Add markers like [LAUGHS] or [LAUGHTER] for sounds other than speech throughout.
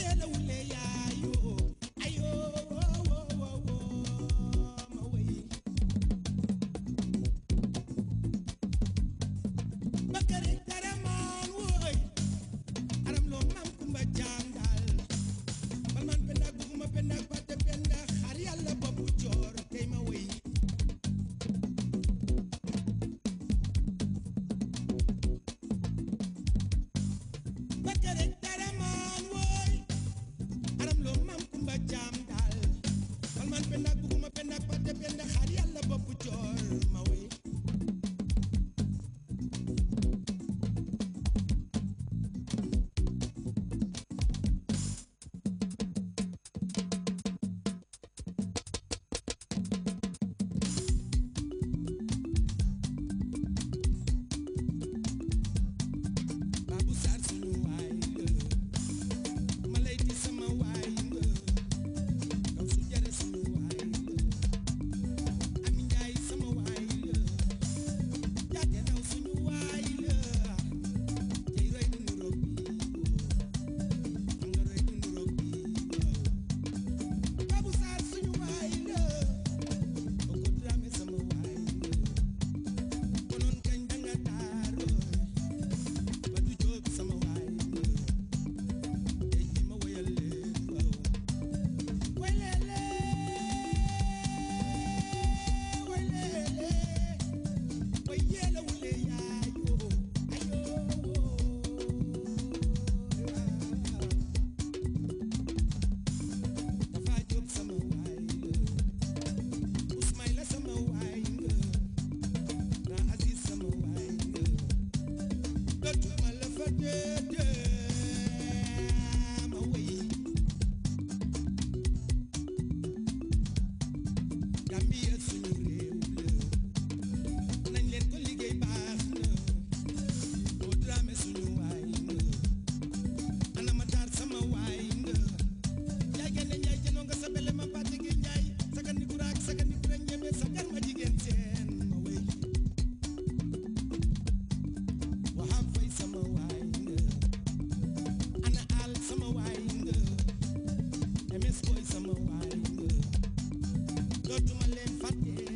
yellow dootuma my fàtte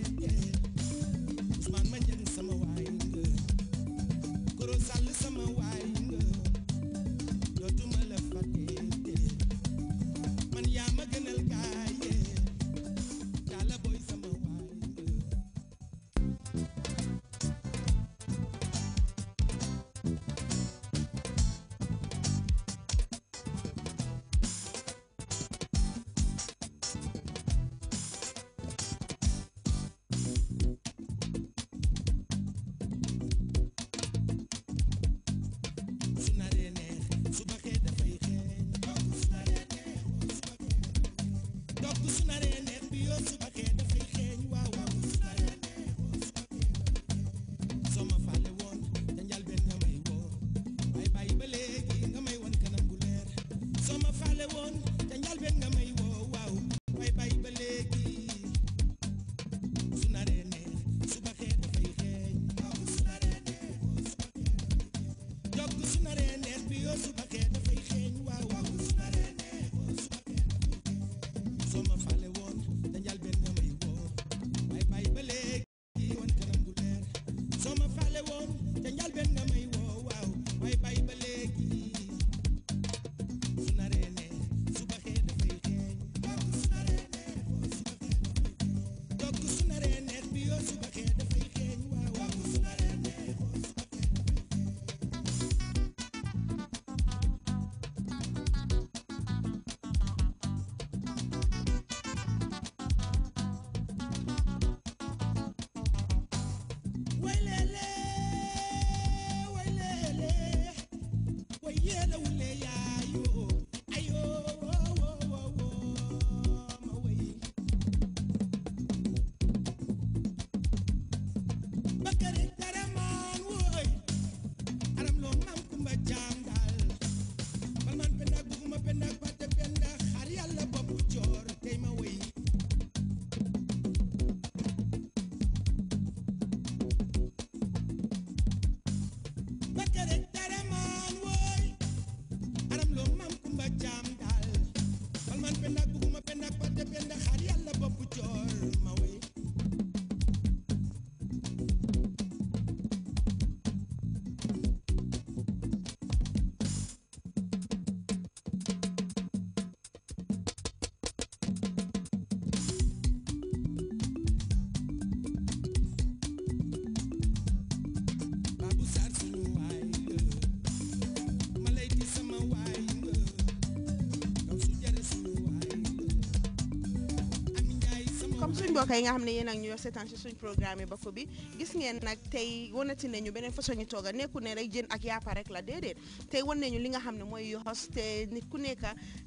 suñ mbokk yi nga xam ne yéen ak ñu yor seetaan si suñ programme yi bakku bi gis ngeen nag tey wanati ñu beneen façon ñu tooga nekku ne rek jën ak yaapa rek la déedéet tey wan ñu li nga xam ne mooy yoxos te nit ku nekk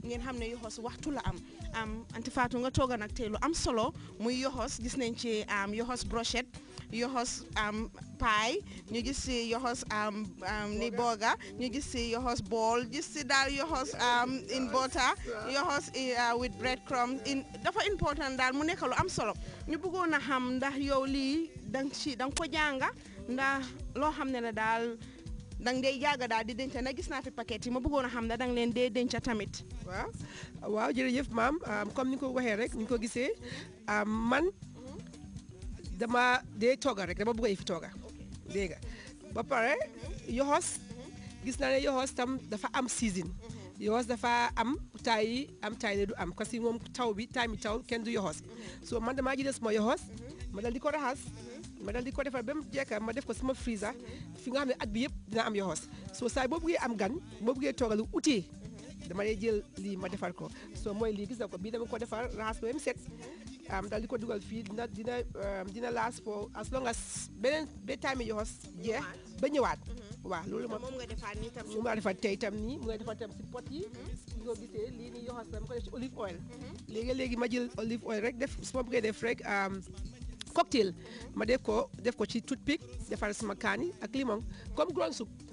ngeen xam ne yoxos waxtu la am am anti faatu nga tooga nag tey lu am solo muy yoxos gis nañ ci am yoxos brochette yoxos um, paay ñu gis si yoxos um, um, ni boga ñu gis si yoxos bool gis si daal yoxos in butter yoxos eh, uh, with bread crumbs dafa important daal mu nekk lu am solo ñu bëggoon a xam ndax yow lii dang si danga ko jànga ndax loo xam ne la daal dang dee yàgga daal di denca na gis naa fi paquet yi ma bëggoon xam ne dang leen dee denca tamit waaw waaw jërëjëf maam comme ni ko waxee rek ñu ko gisee man dama dee tooga rek dama bëgg yi fi tooga dégg nga ba pare yoxos gis naa ne yoxos tam dafa am season yoxos dafa am taay yi am taay ne du am parce que moom taw bi taay mi taw kenn du yokos so man damaa jëlee suma yoxos ma dal di ko raxas ma dal di ko defar ba mu jekka ma def ko sama freezer fi nga xam ne at bi yëpp dina am yoxos so saa boo bëggee am gan boo bëggee tooga lu uti dama lay jël lii ma defar ko so mooy lii gis na ko bii dama ko defar raxas ko ba mu set dal di ko dugal fii dina dina um, dina last for as long as beneen be time yi yoxos jeex ba ñëwaat mm-hmm. waaw loolu moom nga defaat nii tam moom nga defaat tey tam nii mu nga defaat tam si pot yi li mm-hmm. nga gisee lii nii yoxos la ma ko def ci olive oil léegi-léegi mm-hmm. ma jël olive oil rek def su ma bëggee def rek um, cocktail ma def ko def ko ci toothpick defar sama kaani ak limon comme grand soup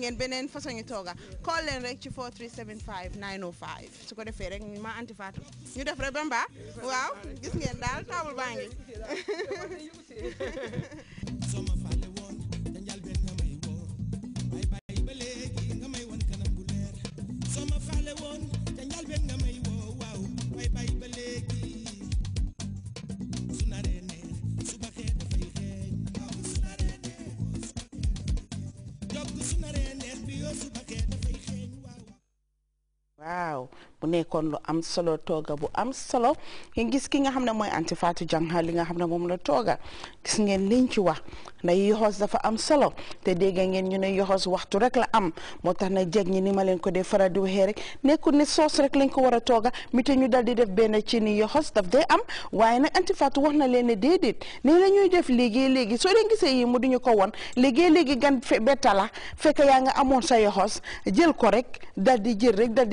ngeen beneen façon ñu tooga call leen rek ci 4375 905 su ko defee rek ma anti Fatou ñu def rek ba mbaa waaw gis ngeen daal table baa ngi [LAUGHS] Wow. xew bu nekkoon lu am solo tooga bu am solo ngeen gis ki nga xam ne mooy Anti Fatou Jankha li nga xam ne moom la tooga gis ngeen liñ ci wax ndax yoxoos dafa am solo te dégg ngeen ñu ne yoxoos waxtu rek la am moo tax na jeg ñi ni ma leen ko dee faral di waxee rek nekkul ne soos rek lañ ko war a tooga mi te ñu dal di def benn ci ni yoxoos daf dee am waaye nag Anti Fatou wax na leen ne déedéet ne la ñuy def léegi léegi soo leen gisee yi mu duñu ko won léegi léegi gan betala fekk yaa nga amoon sa yoxoos jël ko rek dal di jël rek dal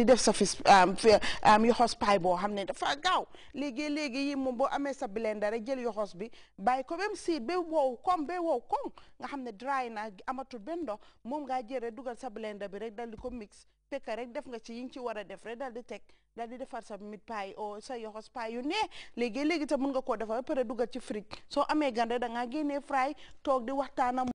yoxos paay boo xam ne dafa gaaw léegi léegi yi moom boo amee sa blender rek jël yoxos bi bàyyi ko ba mu siit ba wow koŋ ba wow koŋ nga xam ne dry na amatul benn ndox moom ngaa jël rek dugal sa blender bi rek dal di ko mix fekk rek def nga ci yi nga ci war a def rek dal di teg dal di defar sa mit paay o oh, sa yoxos paay yu ne léegi léegi te mën nga koo defar ba pare dugal ci frig soo ame gan rek da fry toog di waxtaana